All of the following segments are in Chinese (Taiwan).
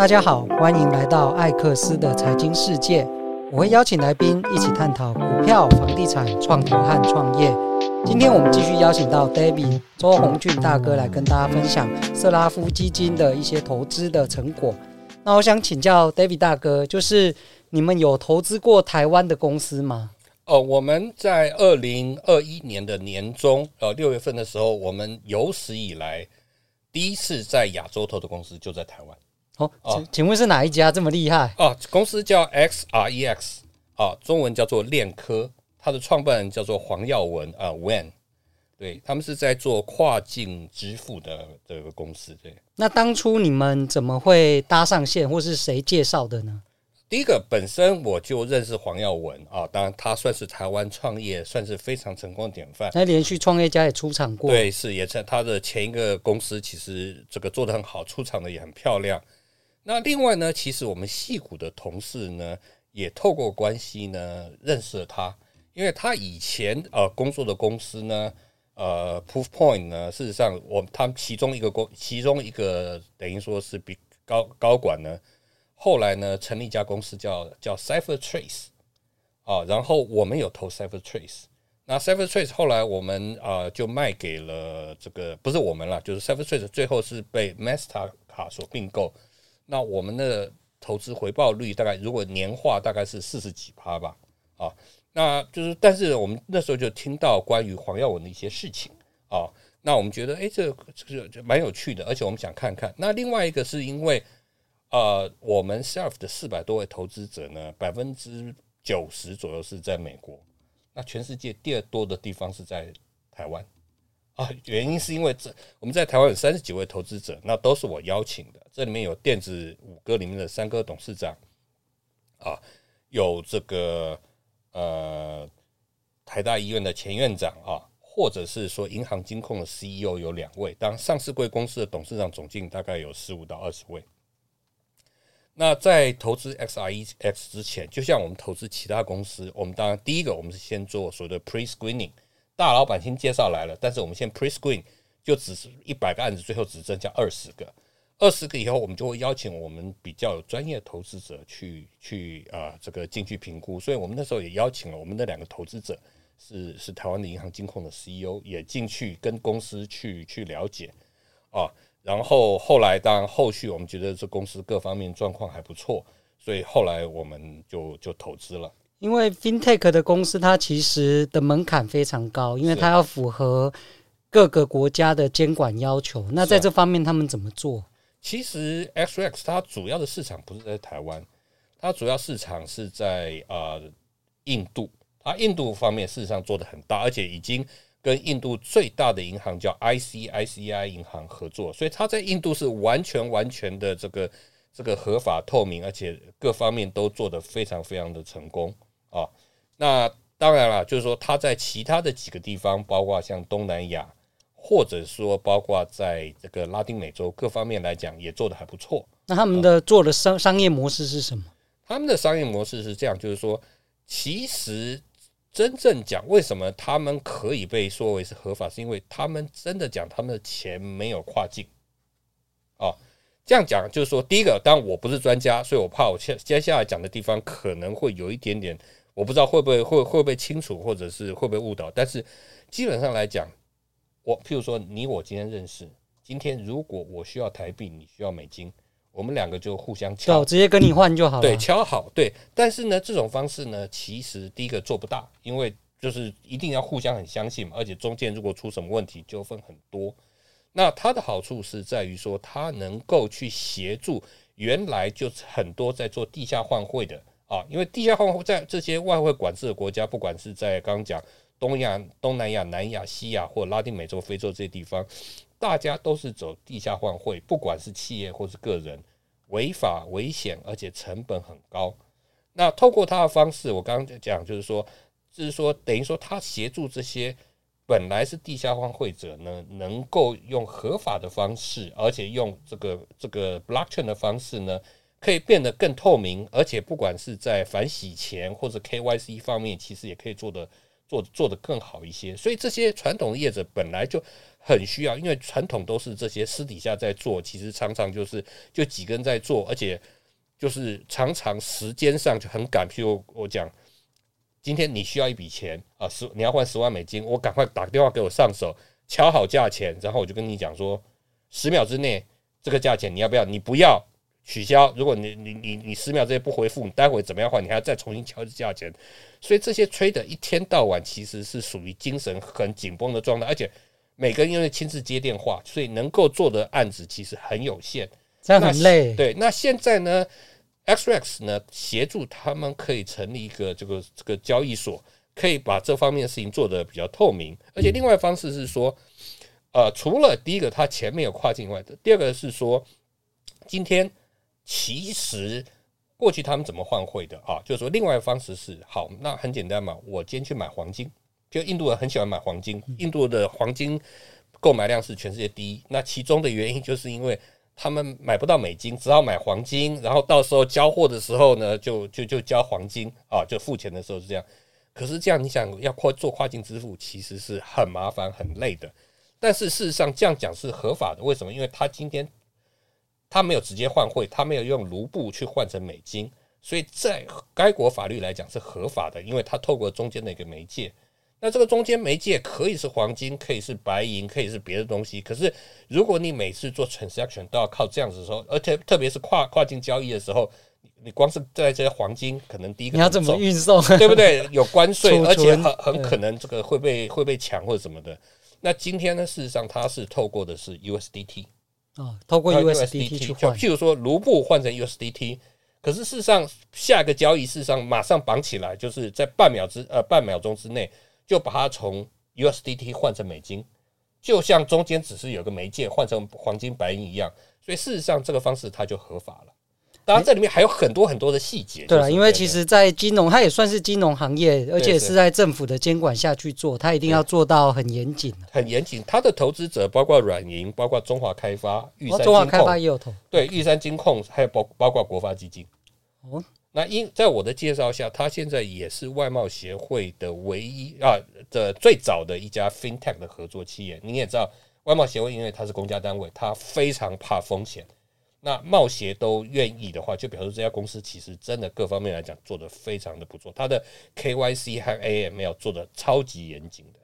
大家好，歡迎來到艾克斯的財經世界。我會邀請來賓一起探討股票、房地產、創投和創業。今天我們繼續邀請到 David 周宏雋大哥來跟大家分享色拉夫基金的一些投資的成果。那我想請教 David 大哥，就是你們有投資過台灣的公司嗎？哦、呃，我們在二零二一年的年中，呃六月份的時候，我們有史以來第一次在亞洲投的公司就在台灣。哦，請請問是哪一家這麼厲害？哦，公司叫 X R E X，啊、哦，中文叫做鏈科，它的創辦人叫做黃耀文啊，When，對他們是在做跨境支付的這個公司。對，那當初你們怎麼會搭上線，或是誰介紹的呢？第一個，本身我就認識黃耀文啊、哦，當然他算是台灣創業算是非常成功的典範，那連續創業家也出場過，對，是也是他的前一個公司，其實這個做得很好，出場的也很漂亮。那另外呢，其實我們矽谷的同事呢，也透過關係呢認識了他，因為他以前呃工作的公司呢，呃 ProofPoint 呢，事實上我們他們其中一個公其中一個等於說是比高高管呢，後來呢成立一家公司叫叫 CipherTrace 啊，然後我們有投 CipherTrace 那 CipherTrace 後來我們啊、呃、就賣給了這個不是我們了，就是 CipherTrace 最後是被 Master 卡所併購。那我們的投資回報率大概如果年化大概是四十幾趴吧、哦，啊，那就是，但是我們那時候就聽到關於黃耀文的一些事情、哦，啊，那我們覺得，哎，這這個蠻有趣的，而且我們想看看。那另外一個是因為，呃，我們 Seraph 的四百多位投資者呢，百分之九十左右是在美國，那全世界第二多的地方是在台灣。啊，原因是因為這我們在台灣有三十幾位投資者，那都是我邀請的。這裡面有電子五哥裡面的三個董事長，啊，有這個呃台大醫院的前院長啊，或者是說銀行金控的 CEO 有兩位。當然，上市櫃公司的董事長總經理大概有十五到二十位。那在投資 XREX 之前，就像我們投資其他公司，我們當然第一個我們是先做所謂的 pre screening。Screen ing, 大老闆先介紹來了，但是我們先 pre screen 就只是一百個案子，最後只剩下二十個，二十個以後我們就會邀請我們比較有專業投資者去去啊、呃、這個進去評估，所以我們那時候也邀請了我們的兩個投資者，是是台灣的銀行金控的 CEO 也進去跟公司去去了解啊，然後後來當然後續我們覺得這公司各方面狀況還不錯，所以後來我們就就投資了。因為 fintech 的公司，它其實的門檻非常高，因為它要符合各個國家的監管要求。那在這方面，他們怎麼做？啊、其實，XRX 它主要的市場不是在台灣，它主要市場是在啊、呃、印度。它印度方面，事實上做得很大，而且已經跟印度最大的銀行叫 ICICI 銀行合作，所以它在印度是完全完全的這個這個合法透明，而且各方面都做得非常非常的成功。啊、哦，那當然了，就是說他在其他的幾個地方，包括像東南亞，或者說包括在這個拉丁美洲各方面來講，也做得還不錯。那他們的做的商商業模式是什麼？哦，他們的商業模式是這樣，就是說，其實真正講為什麼他們可以被說為是合法，是因為他們真的講他們的錢沒有跨境。啊、哦，這樣講就是說，第一個，當然我不是專家，所以我怕我接接下來講的地方可能會有一點點。我不知道會不會會會不會清楚，或者是會不會誤導。但是基本上來講，我譬如說你我今天認識，今天如果我需要台幣，你需要美金，我們兩個就互相敲，對，直接跟你換就好了。嗯。對，敲好對。但是呢，這種方式呢，其實第一個做不大，因為就是一定要互相很相信嘛，而且中間如果出什麼問題，糾紛很多。那它的好處是在於說，它能夠去協助原來就是很多在做地下換匯的。啊，因為地下換匯在這些外匯管制的國家，不管是在剛剛講東亞、東南亞、南亞、西亞或拉丁美洲、非洲這些地方，大家都是走地下換匯，不管是企業或是個人，違法危險，而且成本很高。那透過他的方式，我剛剛講就是說，就是說等於說他協助這些本來是地下換匯者呢，能夠用合法的方式，而且用這個這個 blockchain 的方式呢。可以變得更透明，而且不管是在反洗錢或者 KYC 方面，其實也可以做得做做得更好一些。所以這些傳統的業者本來就很需要，因為傳統都是這些私底下在做，其實常常就是就幾個人在做，而且就是常常時間上就很趕。譬如我講，今天你需要一筆錢啊，十，你要換十萬美金，我趕快打個電話給我上手，敲好價錢，然後我就跟你講說，十秒之內這個價錢你要不要？你不要。取消，如果你你你你十秒之內不回復，你待會怎麼樣的話，你還要再重新敲一次價錢。所以這些吹的、er、一天到晚，其實是屬於精神很緊繃的狀態，而且每個人因為親自接電話，所以能夠做的案子其實很有限，這樣很累。對，那現在呢，XREX 呢協助他們可以成立一個這個這個交易所，可以把這方面的事情做得比較透明。而且另外一方式是說，嗯、呃，除了第一個他錢沒有跨境外的，第二個是說今天。其實過去他們怎麼換匯的啊？就是說，另外一方式是好，那很簡單嘛。我今天去買黃金，就印度人很喜歡買黃金，印度的黃金購買量是全世界第一。那其中的原因就是因為他們買不到美金，只好買黃金，然後到時候交貨的時候呢，就就就交黃金啊，就付錢的時候是這樣。可是這樣你想要跨做跨境支付，其實是很麻煩很累的。但是事實上這樣講是合法的，為什麼？因為他今天。他沒有直接換匯，他沒有用盧布去換成美金，所以在該國法律來講是合法的，因為它透過中間的一個媒介。那這個中間媒介可以是黃金，可以是白銀，可以是別的東西。可是如果你每次做 transaction 都要靠這樣子說，而且特別是跨跨境交易的時候，你光是在這些黃金，可能第一個你要怎麼運送，對不對？有關稅， 存而且很很可能這個會被對會被搶或者什麼的。那今天呢，事實上它是透過的是 USDT。啊、哦，透過 USDT US 去換，就譬如說盧布換成 USDT，可是事實上，下個交易事實上馬上綁起來，就是在半秒之呃半秒鐘之內就把它從 USDT 換成美金，就像中間只是有個媒介換成黃金白銀一樣，所以事實上這個方式它就合法了。當然這裡面還有很多很多的細節。啊，對，因為其實，在金融，它也算是金融行業，而且是在政府的監管下去做，它一定要做到很嚴謹，很嚴謹。它的投資者包括軟銀，包括中華開發、玉山金控，哦、中華開發也有投，對，玉山金控，還有包包括國發基金。哦、嗯，那因在我的介紹下，他現在也是外貿協會的唯一啊的最早的一家 FinTech 的合作企業。你也知道，外貿協會因為它是公家單位，它非常怕風險。那冒險都願意的話，就表示這家公司其實真的各方面來講做得非常的不錯，它的 K Y C 和 A M L 做的超級嚴謹的。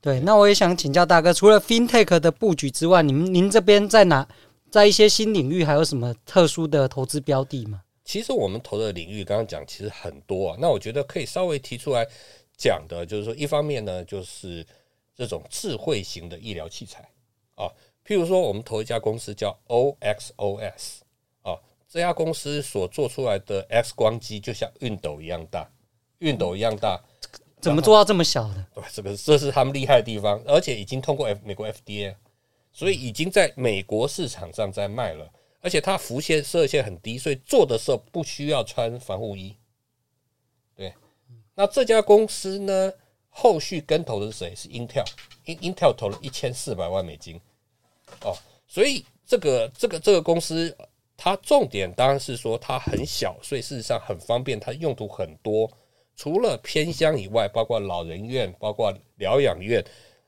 對，那我也想請教大哥，除了 FinTech 的布局之外，您您這邊在哪在一些新領域還有什麼特殊的投資標的嗎？其實我們投的領域剛剛講其實很多啊，那我覺得可以稍微提出來講的，就是說一方面呢，就是這種智慧型的醫療器材啊。譬如說，我們投一家公司叫 O X O S 啊、哦，這家公司所做出來的 X 光機就像熨斗一樣大，熨斗一樣大、嗯，怎麼做到這麼小的？對，這個這是他們厲害的地方，而且已經通過 F, 美國 F D A，所以已經在美國市場上在賣了，嗯、而且它輻射射線很低，所以做的時候不需要穿防護衣。對，嗯、那這家公司呢，後續跟投的是誰？是 Intel，Intel 投了一千四百萬美金。哦，所以這個這個這個公司，它重點當然是說它很小，所以事實上很方便，它用途很多。除了偏鄉以外，包括老人院、包括療養院，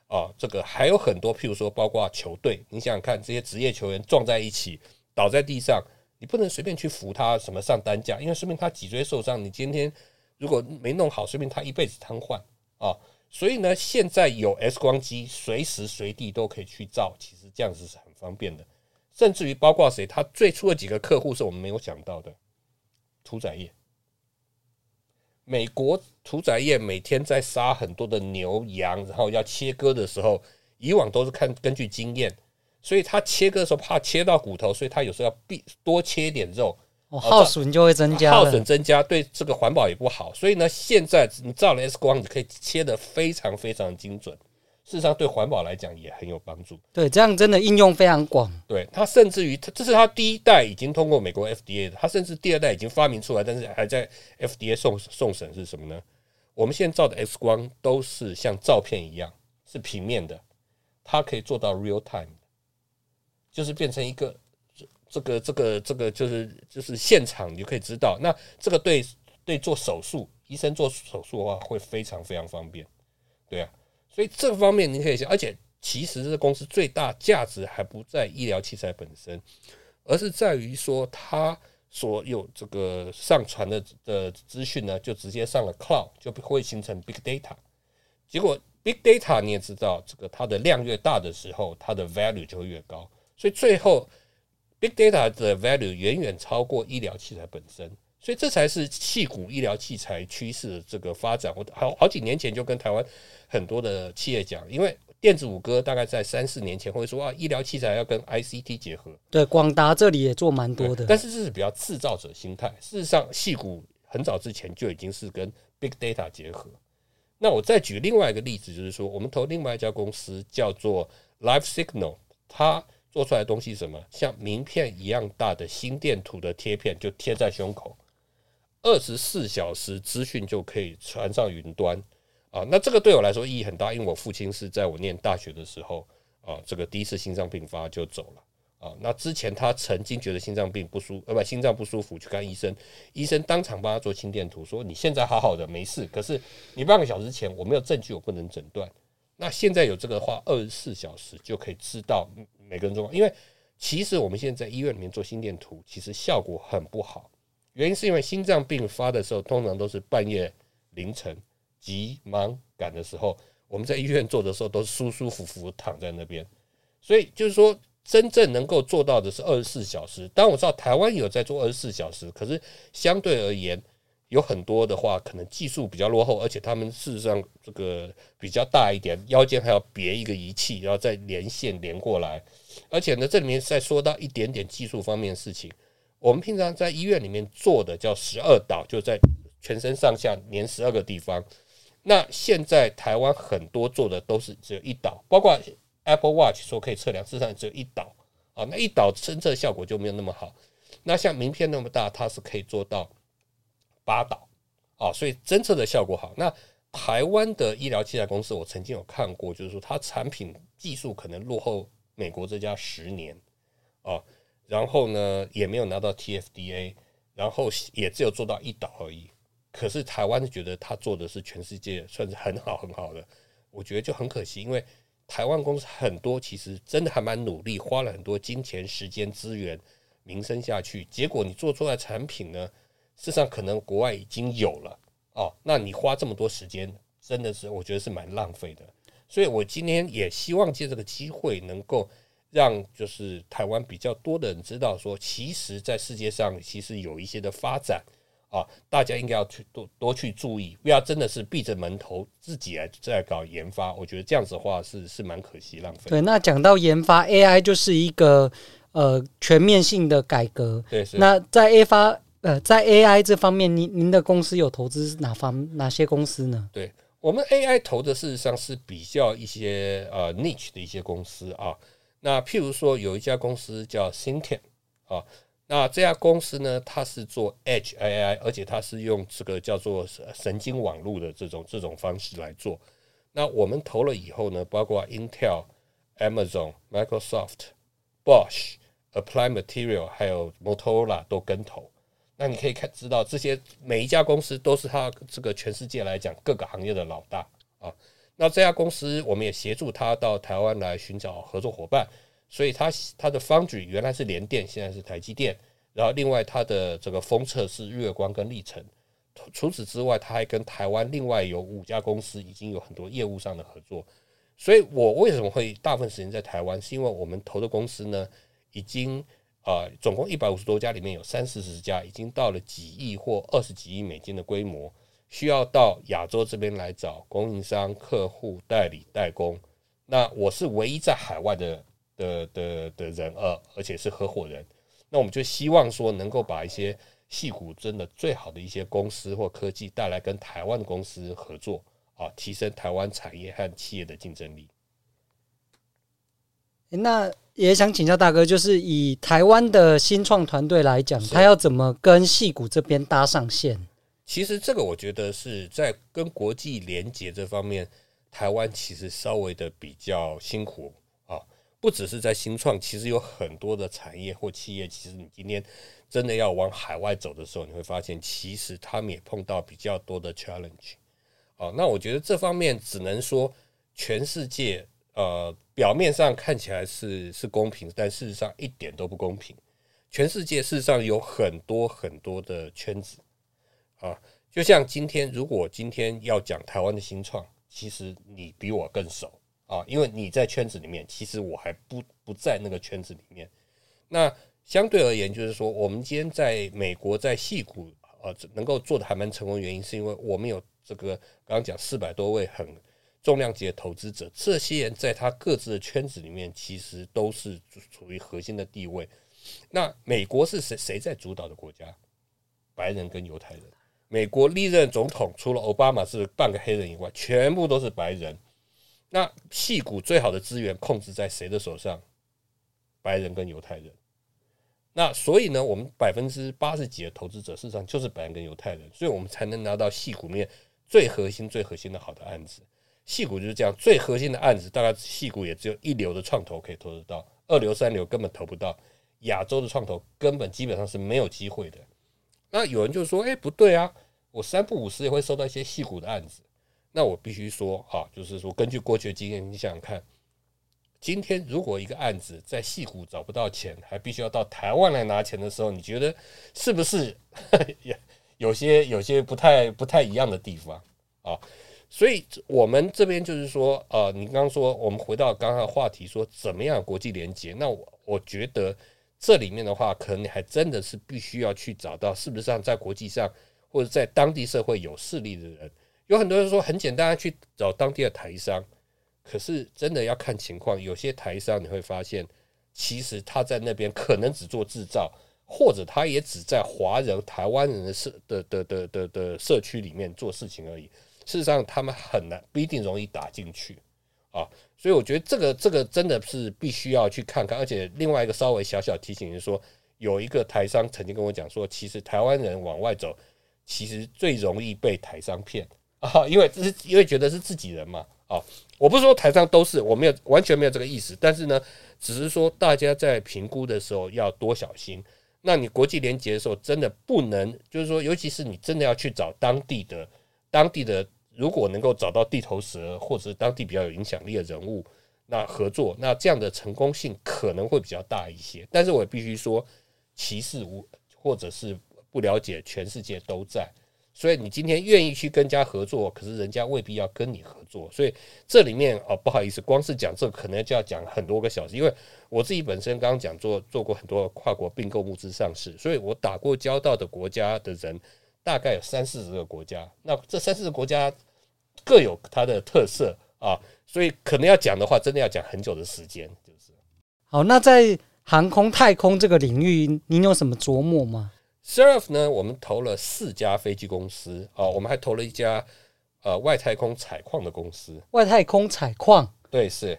啊、哦，這個還有很多，譬如說包括球隊，你想想看，這些職業球員撞在一起倒在地上，你不能隨便去扶他，什麼上擔架，因為說明他脊椎受傷，你今天如果沒弄好，說明他一輩子癱瘓啊。哦所以呢，現在有 X 光機，隨時隨地都可以去照，其實這樣子是很方便的。甚至於包括誰，他最初的幾個客戶是我們沒有想到的，屠宰業。美國屠宰業每天在殺很多的牛羊，然後要切割的時候，以往都是看根據經驗，所以他切割的時候怕切到骨頭，所以他有時候要必多切一點肉。哦、耗損就會增加，耗損增加對這個環保也不好，所以呢，現在你照了 X 光，你可以切得非常非常精準，事實上對環保來講也很有幫助。對，這樣真的應用非常廣。對它，甚至於它，這是它第一代已經通過美國 FDA 的，它甚至第二代已經發明出來，但是還在 FDA 送送審是什麼呢？我們現在照的 X 光都是像照片一樣是平面的，它可以做到 real time，就是變成一個。這個這個這個就是就是現場，你就可以知道。那這個對對做手術，醫生做手術的話會非常非常方便，對啊。所以這方面你可以想，而且其實這個公司最大價值還不在醫療器材本身，而是在於說它所有這個上傳的的資訊呢，就直接上了 cloud，就會形成 big data。結果 big data 你也知道，這個它的量越大的時候，它的 value 就會越高，所以最後。Big data 的 value 遠遠超過醫療器材本身，所以這才是矽谷醫療器材趨勢的這個發展。我好好幾年前就跟台灣很多的企業講，因為電子五哥大概在三四年前會說啊，醫療器材要跟 ICT 結合。對，廣達這裡也做蠻多的，但是這是比較製造者心態。事實上，矽谷很早之前就已經是跟 Big data 結合。那我再舉另外一個例子，就是說我們投另外一家公司叫做 Life Signal，它。做出來的東西什麼像名片一樣大的心電圖的貼片，就貼在胸口，二十四小時資訊就可以傳上雲端啊！那這個對我來說意義很大，因為我父親是在我念大學的時候啊，這個第一次心臟病發就走了啊。那之前他曾經覺得心臟病不舒服，不，心臟不舒服去看醫生，醫生當場幫他做心電圖，說你現在好好的沒事，可是你半個小時前我沒有證據，我不能診斷。那現在有這個的話，二十四小時就可以知道。每個人做，因為其實我們現在在醫院裡面做心電圖，其實效果很不好。原因是因為心臟病發的時候，通常都是半夜凌晨，急忙趕的時候，我們在醫院做的時候都舒舒服服躺在那邊。所以就是說，真正能夠做到的是二十四小時。當我知道台灣有在做二十四小時，可是相對而言，有很多的話，可能技術比較落後，而且他們事實上這個比較大一點，腰間還要別一個儀器，然後再連線連過來。而且呢，這裡面再說到一點點技術方面的事情，我們平常在醫院裡面做的叫十二導，就在全身上下連十二個地方。那現在台灣很多做的都是只有一導，包括 Apple Watch 說可以測量，事實上只有一導啊，那一導偵測效果就沒有那麼好。那像名片那麼大，它是可以做到。八島，啊、哦，所以偵測的效果好。那台灣的醫療器材公司，我曾經有看過，就是說它產品技術可能落後美國這家十年，啊、哦，然後呢也沒有拿到 TFDA，然後也只有做到一島而已。可是台灣覺得它做的是全世界算是很好很好的，我覺得就很可惜，因為台灣公司很多其實真的還蠻努力，花了很多金錢、時間、資源、名聲下去，結果你做出來的產品呢？事實上，可能國外已經有了哦。那你花這麼多時間，真的是我覺得是蠻浪費的。所以我今天也希望借這個機會，能夠讓就是台灣比較多的人知道，說其實，在世界上其實有一些的發展啊、哦，大家應該要去多多去注意，不要真的是閉着門頭自己來在搞研發。我覺得這樣子的話是是蠻可惜浪費的。對，那講到研發 AI，就是一個呃全面性的改革。對，是。那在 A 發。呃，在 AI 這方面，您您的公司有投資哪方哪些公司呢？對，我們 AI 投的事實上是比較一些呃 niche 的一些公司啊。那譬如說有一家公司叫 Syntiant 啊，那這家公司呢，它是做 Edge AI，而且它是用這個叫做神經網絡的這種這種方式來做。那我們投了以後呢，包括 Intel、Amazon、Microsoft、Bosch、Applied Material 還有 Motorola 都跟投。那你可以看知道這些每一家公司都是它這個，全世界來講各個行業的老大啊。那這家公司我們也協助他到台灣來尋找合作夥伴，所以他他的方 o 原來是聯電，現在是台積電。然後另外他的這個封測是日月光跟歷程。除此之外，他還跟台灣另外有五家公司已經有很多業務上的合作。所以我為什麼會大部分時間在台灣？是因為我們投的公司呢已經。啊、呃，總共一百五十多家，裡面有三四十家已經到了幾億或二十幾億美金的規模，需要到亞洲這邊來找供應商、客戶、代理、代工。那我是唯一在海外的的的的，的人、呃、而且是合夥人。那我們就希望說，能夠把一些矽谷真的最好的一些公司或科技帶來，跟台灣公司合作啊、呃，提升台灣產業和企業的競爭力。那。也想請教大哥，就是以台灣的新創團隊來講，他要怎麼跟 Seraph 這邊搭上線？其實這個我覺得是在跟國際連接這方面，台灣其實稍微的比較辛苦啊、哦。不只是在新創，其實有很多的產業或企業，其實你今天真的要往海外走的時候，你會發現其實他們也碰到比較多的 challenge 啊、哦。那我覺得這方面只能說全世界。呃，表面上看起來是是公平，但事實上一點都不公平。全世界事實上有很多很多的圈子啊，就像今天，如果今天要講台灣的新創，其實你比我更熟啊，因為你在圈子裡面，其實我還不不在那個圈子裡面。那相對而言，就是說我們今天在美國在矽谷呃能夠做的還蠻成功，原因是因為我們有這個剛剛講四百多位很重量級的投資者，這些人在他各自的圈子裡面，其實都是處於核心的地位。那美國是誰誰在主導的國家？白人跟猶太人。美國歷任總統除了奧巴馬是半個黑人以外，全部都是白人。那矽谷最好的資源控制在誰的手上？白人跟猶太人。那所以呢，我們百分之八十幾的投資者，事實上就是白人跟猶太人，所以我們才能拿到矽谷面最核心、最核心的好的案子。矽谷就是這樣，最核心的案子，大概矽谷也只有一流的創投可以投得到，二流三流根本投不到。亞洲的創投根本基本上是沒有機會的。那有人就說，誒，不對啊，我三不五時也會收到一些矽谷的案子，那我必須說啊，就是說根據過去的經驗，你想想看，今天如果一個案子在矽谷找不到錢，還必須要到台灣來拿錢的時候，你覺得是不是有有些有些不太不太一樣的地方啊？所以，我們這邊就是說，呃，你剛剛說，我們回到剛剛的話題，說怎麼樣國際連接？那我我覺得這裡面的話，可能你還真的是必須要去找到是不是在國際上或者在當地社會有勢力的人。有很多人說很簡單，去找當地的台商，可是真的要看情況。有些台商你會發現，其實他在那邊可能只做製造，或者他也只在華人、台灣人的社的的的的的社區裡面做事情而已。事實上，他們很難不一定容易打進去啊，所以我覺得這個這個真的是必須要去看看。而且另外一個稍微小小提醒是說，有一個台商曾經跟我講說，其實台灣人往外走，其實最容易被台商騙啊，因為這是因為覺得是自己人嘛啊。我不是說台商都是，我沒有完全沒有這個意思，但是呢，只是說大家在評估的時候要多小心。那你國際連結的時候，真的不能就是說，尤其是你真的要去找當地的。當地的如果能夠找到地頭蛇或者是當地比較有影響力的人物，那合作那這樣的成功性可能會比較大一些。但是我也必須說，歧視無或者是不了解，全世界都在，所以你今天願意去跟家合作，可是人家未必要跟你合作。所以這裡面哦，不好意思，光是講這可能就要講很多個小時。因為我自己本身剛剛講做做過很多跨國併購、募資、上市，所以我打過交道的國家的人。大概有三四十個國家，那這三四十個國家各有它的特色啊，所以可能要講的話，真的要講很久的時間，就是。好，那在航空太空這個領域，您有什麼琢磨嗎？Seraph 呢，我們投了四家飛機公司啊，我們還投了一家呃外太空採礦的公司。外太空採礦？對，是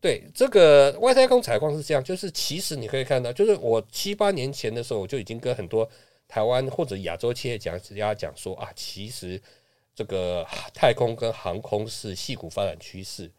對，這個外太空採礦是這樣，就是其實你可以看到，就是我七八年前的時候，我就已經跟很多。台灣或者亞洲企業講，大家講說啊，其實這個太空跟航空是矽谷發展趨勢。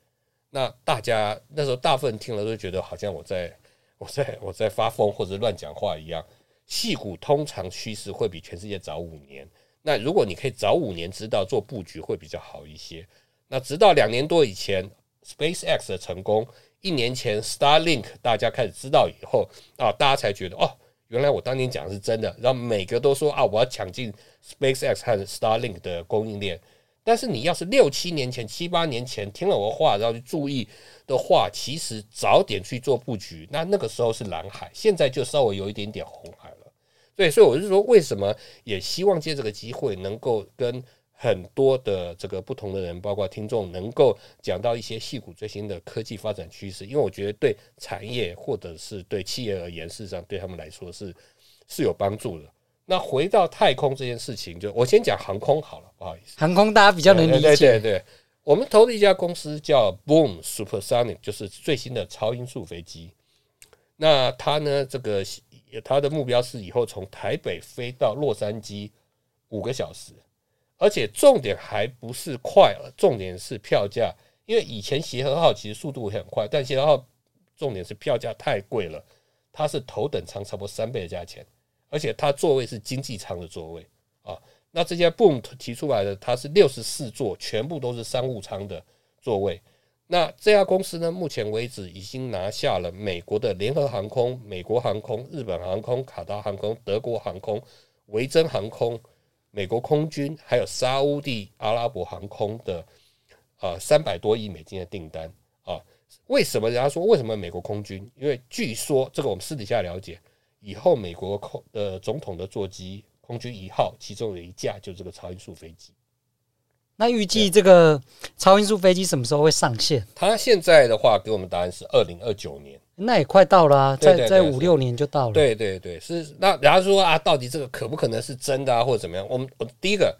那大家那時候大部分人聽了都覺得，好像我在、我在我在發瘋或者亂講話一樣。矽谷通常趨勢會比全世界早五年。那如果你可以早五年知道做布局，會比較好一些。那直到兩年多以前，SpaceX 的成功，一年前 Starlink 大家開始知道以後啊，大家才覺得哦。原來我當年講的是真的，然後每個都說啊，我要搶進 SpaceX 和 Starlink 的供應鏈。但是你要是六七年前、七八年前聽了我的話，然後去注意的話，其實早點去做布局，那那個時候是藍海，現在就稍微有一點點紅海了。所以所以我就說，為什麼也希望借這個機會能夠跟。很多的這個不同的人，包括聽眾，能夠講到一些矽谷最新的科技發展趨勢，因為我覺得對產業或者是對企業而言，事實上對他們來說是是有幫助的。那回到太空這件事情，就我先講航空好了，不好意思，航空大家比較能理解。對對對，我們投了一家公司叫 Boom Supersonic，就是最新的超音速飛機。那它呢，這個它的目標是以後從台北飛到洛杉磯五個小時。而且重點還不是快了，重點是票價。因為以前協和號其實速度很快，但協和號重點是票價太貴了，它是頭等艙，差不多三倍的價錢，而且它座位是經濟艙的座位啊。那這家 Boom 提出來的，它是六十四座，全部都是商務艙的座位。那這家公司呢，目前為止已經拿下了美國的聯合航空、美國航空、日本航空、卡達航空、德國航空、維珍航空。美國空軍還有沙烏地阿拉伯航空的啊三百多億美金的訂單啊，為什麼人家說為什麼美國空軍？因為據說這個我們私底下了解，以後美國空呃總統的座機空軍一號，其中有一架就是這個超音速飛機。那預計這個超音速飛機什麼時候會上線？他現在的話給我們答案是二零二九年。那也快到了。啊，在對對對對，在五六年就到了。對對對，是那然後說啊，到底這個可不可能是真的啊，或者怎麼樣？我們我第一個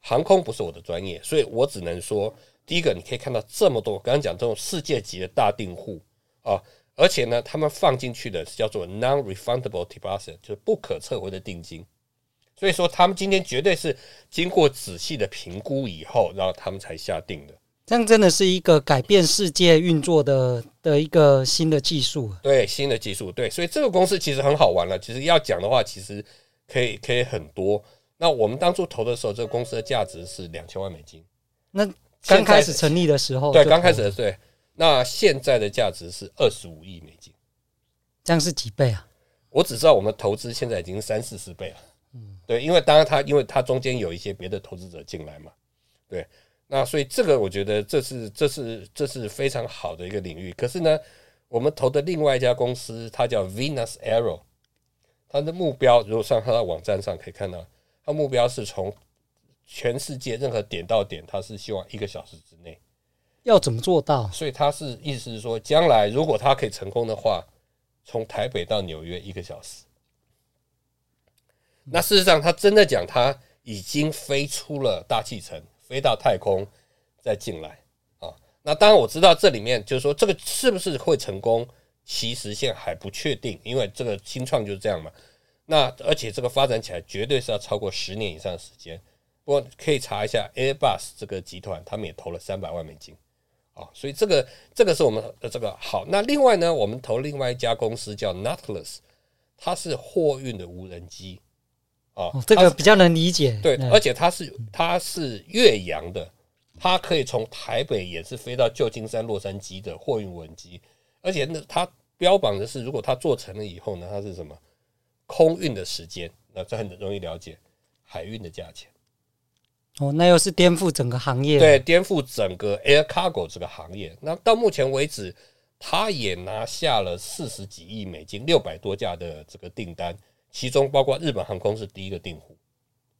航空不是我的專業，所以我只能說，第一個你可以看到這麼多，剛剛講這種世界級的大訂戶啊，而且呢，他們放進去的是叫做 non-refundable deposit，就是不可撤回的定金，所以說他們今天絕對是經過仔細的評估以後，然後他們才下定的。這樣真的是一個改變世界運作的。的一個新的技術，對新的技術，對，所以這個公司其實很好玩了。其實要講的話，其實可以可以很多。那我們當初投的時候，這個公司的價值是兩千萬美金。那剛開始成立的時候的，對，剛開始的對。那現在的價值是二十五億美金，這樣是幾倍啊？我只知道我們投資現在已經三四十倍了。嗯，對，因為當然它因為它中間有一些別的投資者進來嘛，對。那所以這個我覺得這是這是這是非常好的一個領域。可是呢，我們投的另外一家公司，它叫 Venus Arrow，它的目標如果上它的網站上可以看到，它目標是從全世界任何點到點，它是希望一個小時之內。要怎麼做到？所以他是意思是說，將來如果它可以成功的話，從台北到紐約一個小時。那事實上，他真的講他已經飛出了大氣層。飛到太空再，再進來啊。那當然我知道這裡面就是說這個是不是會成功，其實現在還不確定，因為這個新創就是這樣嘛。那而且這個發展起來絕對是要超過十年以上的時間。不過可以查一下 Airbus 這個集團，他們也投了三百萬美金啊、哦，所以這個這個是我們的、呃、這個好。那另外呢，我們投另外一家公司叫 Nutless，它是貨運的無人機。哦，這個是比較能理解。對，對，而且它是它是越洋的，它可以從台北也是飛到舊金山、洛杉磯的貨運文機。而且呢，它標榜的是，如果它做成了以後呢，它是什麼空運的時間？那這很容易了解，海運的價錢。哦，那又是顛覆整個行業。對，顛覆整個 Air Cargo 這個行業。那到目前為止，它也拿下了四十幾億美金、六百多架的這個訂單。其中包括日本航空是第一個訂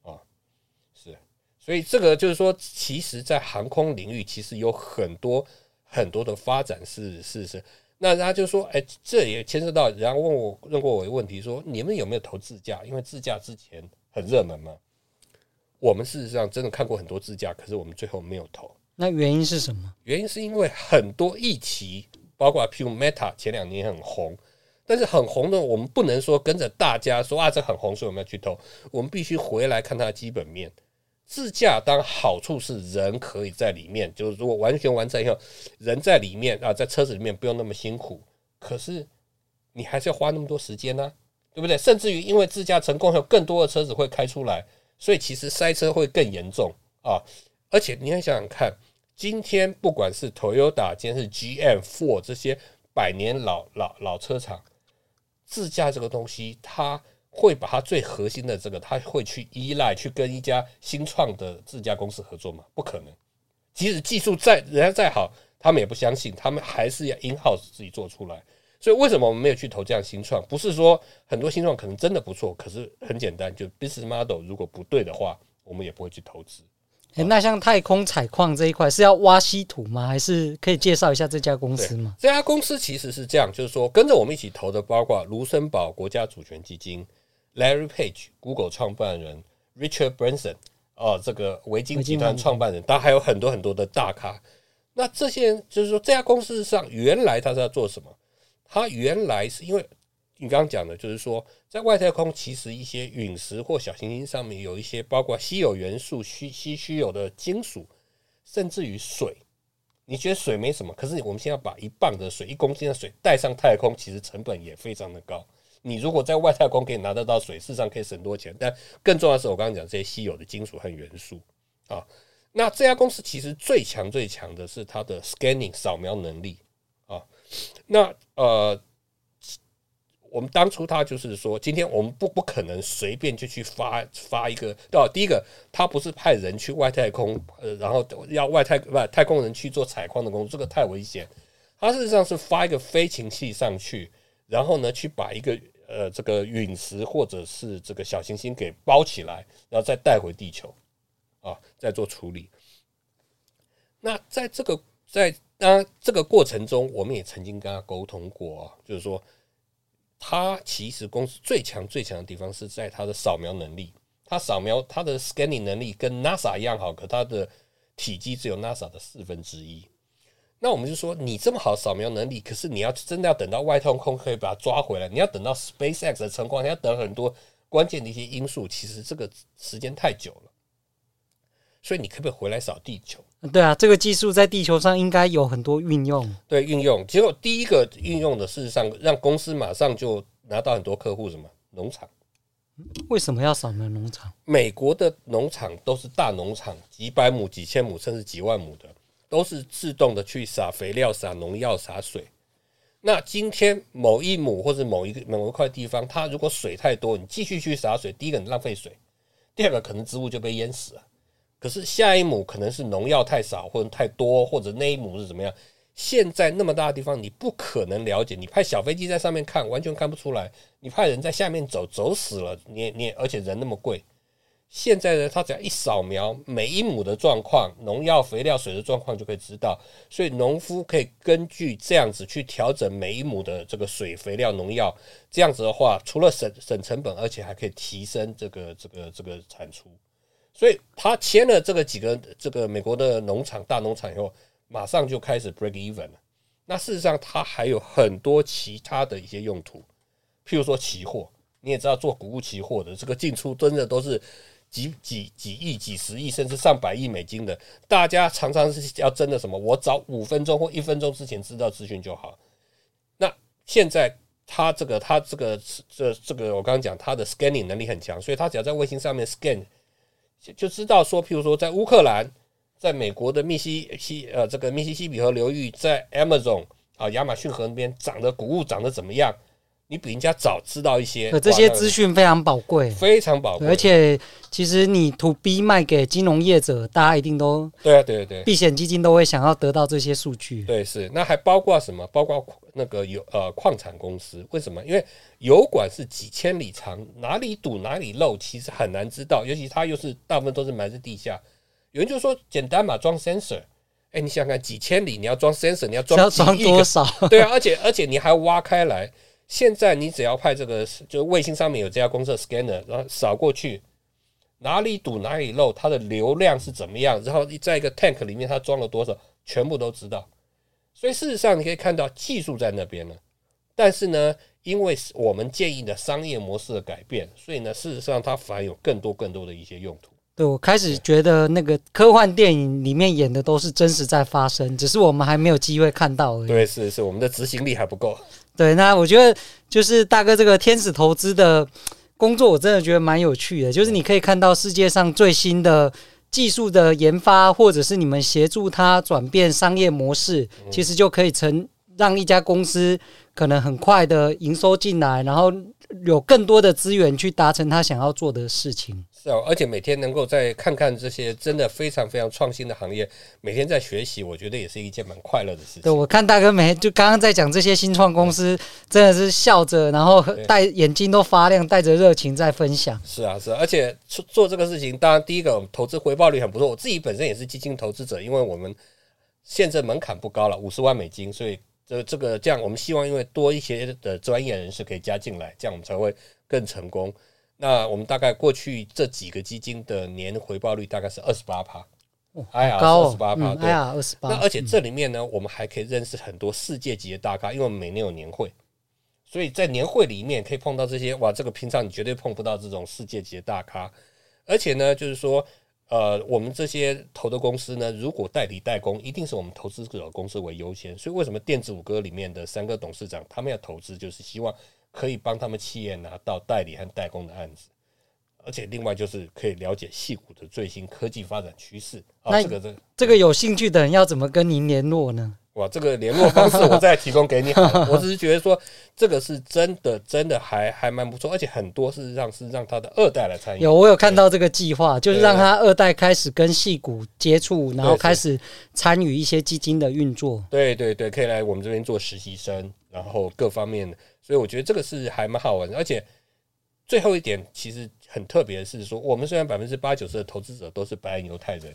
戶，啊，是，所以這個就是說，其實在航空領域，其實有很多很多的發展是事實。那大家就說，哎，這也牽涉到，人家問我問過我一個問題，說你們有沒有投自駕？因為自駕之前很熱門嘛。我們事實上真的看過很多自駕，可是我們最後沒有投。那原因是什麼？原因是因為很多議題，包括譬如、um、Meta 前兩年很紅。但是很紅的，我們不能說跟着大家說啊，這很紅，所以我們要去投。我們必須回來看它的基本面。自駕當好處是人可以在裡面，就是如果完全完成以後，人在裡面啊，在車子裡面不用那麼辛苦。可是你還是要花那麼多時間呢，對不對？甚至於因為自駕成功後，更多的車子會開出來，所以其實塞車會更嚴重啊。而且你要想想看，今天不管是 Toyota，今天是 GM Ford 這些百年老老老車廠。自駕這個東西，它會把它最核心的這個，它會去依賴，去跟一家新創的自駕公司合作嗎？不可能。即使技術再，人家再好，他們也不相信，他們還是要 in house 自己做出來。所以為什麼我們沒有去投這樣新創？不是說很多新創可能真的不錯，可是很簡單，就 business model 如果不對的話，我們也不會去投資。欸、那像太空採礦這一塊是要挖稀土嗎？還是可以介紹一下這家公司嗎？這家公司其實是這樣，就是說跟着我們一起投的，包括盧森堡國家主權基金、Larry Page、Google 創辦人、Richard Branson 啊、哦，這個維京集團創辦人，他還有很多很多的大咖。那這些人就是說這家公司上原來他是要做什麼？他原來是因為。你剛剛講的，就是說，在外太空其實一些隕石或小行星上面有一些包括稀有元素需、稀稀稀有的金屬，甚至於水。你覺得水沒什麼，可是我們先要把一磅的水、一公斤的水帶上太空，其實成本也非常的高。你如果在外太空可以拿得到水，事實上可以省多錢。但更重要的是，我剛剛講這些稀有的金屬和元素啊，那這家公司其實最強最強的是它的 scanning 掃描能力啊，那呃。我們當初他就是說，今天我們不不可能隨便就去發發一個。到、啊、第一個他不是派人去外太空，呃，然後要外太外、呃、太空人去做採礦的工作，這個太危險。他事實上是發一個飛行器上去，然後呢，去把一個呃這個隕石或者是這個小行星給包起來，然後再帶回地球，啊，再做處理。那在這個在那、啊、這個過程中，我們也曾經跟他溝通過、啊，就是說。它其實公司最強最強的地方是在它的掃描能力，它掃描它的 scanning 能力跟 NASA 一樣好，可它的體積只有 NASA 的四分之一。那我們就說，你這麼好掃描能力，可是你要真的要等到外太空可以把它抓回來，你要等到 SpaceX 的成功，要等很多關鍵的一些因素，其實這個時間太久了。所以你可不可以回來掃地球，嗯？對啊，這個技術在地球上應該有很多運用。對，運用。結果第一個運用的，事實上讓公司馬上就拿到很多客戶，什麼農場？為什麼要掃描農場？美國的農場都是大農場，幾百畝、幾千畝，甚至幾萬畝的，都是自動的去撒肥料、撒農藥、撒水。那今天某一畝或者某一個某一塊地方，它如果水太多，你繼續去灑水，第一個你浪費水，第二個可能植物就被淹死了。可是下一畝可能是農藥太少或者太多，或者那一畝是怎麼樣？現在那麼大的地方，你不可能了解。你派小飛機在上面看，完全看不出來。你派人在下面走，走死了。你你而且人那麼貴。現在呢，他只要一掃描每一畝的狀況，農藥、肥料、水的狀況就可以知道。所以農夫可以根據這樣子去調整每一畝的這個水、肥料、農藥。這樣子的話，除了省省成本，而且還可以提升這個這個這個產出。所以他簽了這個幾個這個美國的農場大農場以後，馬上就開始 break even 了。那事實上，它還有很多其他的一些用途，譬如說期貨，你也知道做谷物期貨的這個進出真的都是幾幾幾億、幾十億，甚至上百億美金的。大家常常是要真的什麼，我早五分鐘或一分鐘之前知道資訊就好。那現在他這個他這個這這個我剛剛講他的 scanning 能力很強，所以他只要在衛星上面 scan。就知道說，譬如說，在烏克蘭，在美國的密西西，呃，這個密西西比河流域，在 Amazon，啊，亞馬遜河那邊長的谷物長得怎麼樣？你比人家早知道一些，可這些資訊非常寶貴，非常寶貴。而且，其實你 To B 賣給金融業者，大家一定都對啊，對對對，避險基金都會想要得到這些數據。對，是那還包括什麼？包括那個油呃礦產公司，為什麼？因為油管是幾千里長，哪裡堵哪裡漏，其實很難知道。尤其他又是大部分都是埋在地下，有人就說簡單嘛，裝 sensor、欸。哎，你想想看，幾千里你要裝 sensor，你要裝要裝多少？對啊，而且而且你還挖開來。現在你只要派這個，就是衛星上面有這家公司的 scanner，然後掃過去，哪裡堵哪裡漏，它的流量是怎麼樣，然後在一個 tank 裡面它裝了多少，全部都知道。所以事實上你可以看到技術在那邊了，但是呢，因為我們建議的商業模式的改變，所以呢，事實上它反而有更多更多的一些用途。對，我開始覺得那個科幻電影裡面演的都是真實在發生，只是我們還沒有機會看到而已。對，是是，我們的執行力還不夠。對，那我覺得就是大哥這個天使投資的工作，我真的覺得蠻有趣的。就是你可以看到世界上最新的技術的研發，或者是你們協助他轉變商業模式，其實就可以成讓一家公司可能很快的營收進來，然後有更多的資源去達成他想要做的事情。是啊，而且每天能夠在看看這些真的非常非常創新的行業，每天在學習，我覺得也是一件蠻快樂的事情。對，我看大哥每天就剛剛在講這些新創公司，嗯，真的是笑着，然後帶眼睛都發亮，帶着熱情在分享。是啊，是啊，而且做做這個事情，當然第一個投資回報率很不錯。我自己本身也是基金投資者，因為我們現在門檻不高了，五十萬美金，所以這這個這樣，我們希望因為多一些的專業人士可以加進來，這樣我們才會更成功。那我們大概過去這幾個基金的年回報率大概是二十八趴。哎呀，好高，二十八趴，哦嗯、對啊，二十八。那而且這裡面呢，嗯、我們還可以認識很多世界級的大咖，因為我們每年有年會，所以在年會裡面可以碰到這些哇，這個平常你絕對碰不到這種世界級的大咖。而且呢，就是說，呃，我們這些投的公司呢，如果代理代工，一定是我們投資者公司為優先。所以為什麼電子五哥裡面的三個董事長他們要投資，就是希望。可以幫他們企業拿到代理和代工的案子，而且另外就是可以了解矽谷的最新科技發展趨勢。那這個這個有興趣的人要怎麼跟您聯絡呢？哇，這個聯絡方式我再提供給你好。 我只是覺得說，這個是真的，真的還還蠻不錯，而且很多事實上是讓他的二代來參與。有，我有看到這個計劃，對就是讓他二代開始跟矽谷接觸，然後開始參與一些基金的運作。對對對，對，可以來我們這邊做實習生，然後各方面的。所以我覺得這個是還蠻好玩的，而且最後一點其實很特別的是說，我們雖然百分之八九十的投資者都是白人猶太人，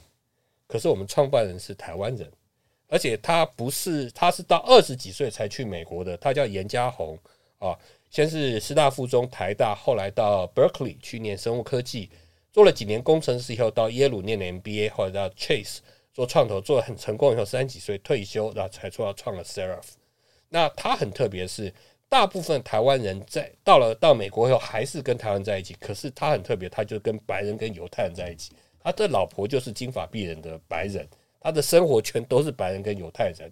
可是我們創辦人是台灣人。而且他不是，他是到二十幾歲才去美國的。他叫嚴家宏，啊，先是師大附中、台大，後來到 Berkeley 去念生物科技，做了幾年工程師以後，到耶魯念的 MBA，後來到 Chase 做創投，做很成功以後，三十幾歲退休，然後才出來創了 Seraph。那他很特別的是，大部分台灣人在到了到美國以後還是跟台灣在一起，可是他很特別，他就跟白人、跟猶太人在一起。他的老婆就是金髮碧眼的白人。他的生活圈都是白人跟猶太人，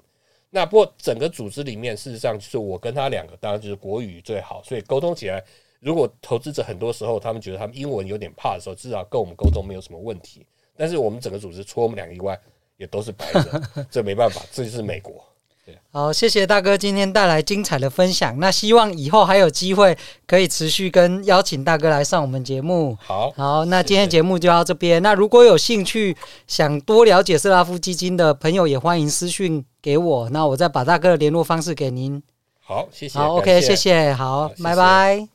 那不過整個組織裡面，事實上就是我跟他兩個，當然就是國語最好，所以溝通起來，如果投資者很多時候他們覺得他們英文有點怕的時候，至少跟我們溝通沒有什麼問題。但是我們整個組織除我們兩個以外，也都是白人，這沒辦法，這就是美國。對。好，謝謝大哥今天帶來精彩的分享。那希望以後還有機會可以持續跟邀請大哥來上我們節目。好，好，那今天節目就到這邊。謝謝。那如果有興趣想多了解色拉夫基金的朋友，也歡迎私訊給我。那我再把大哥的聯絡方式給您。好，謝謝。好，OK，謝，謝謝。好，好拜拜。謝謝。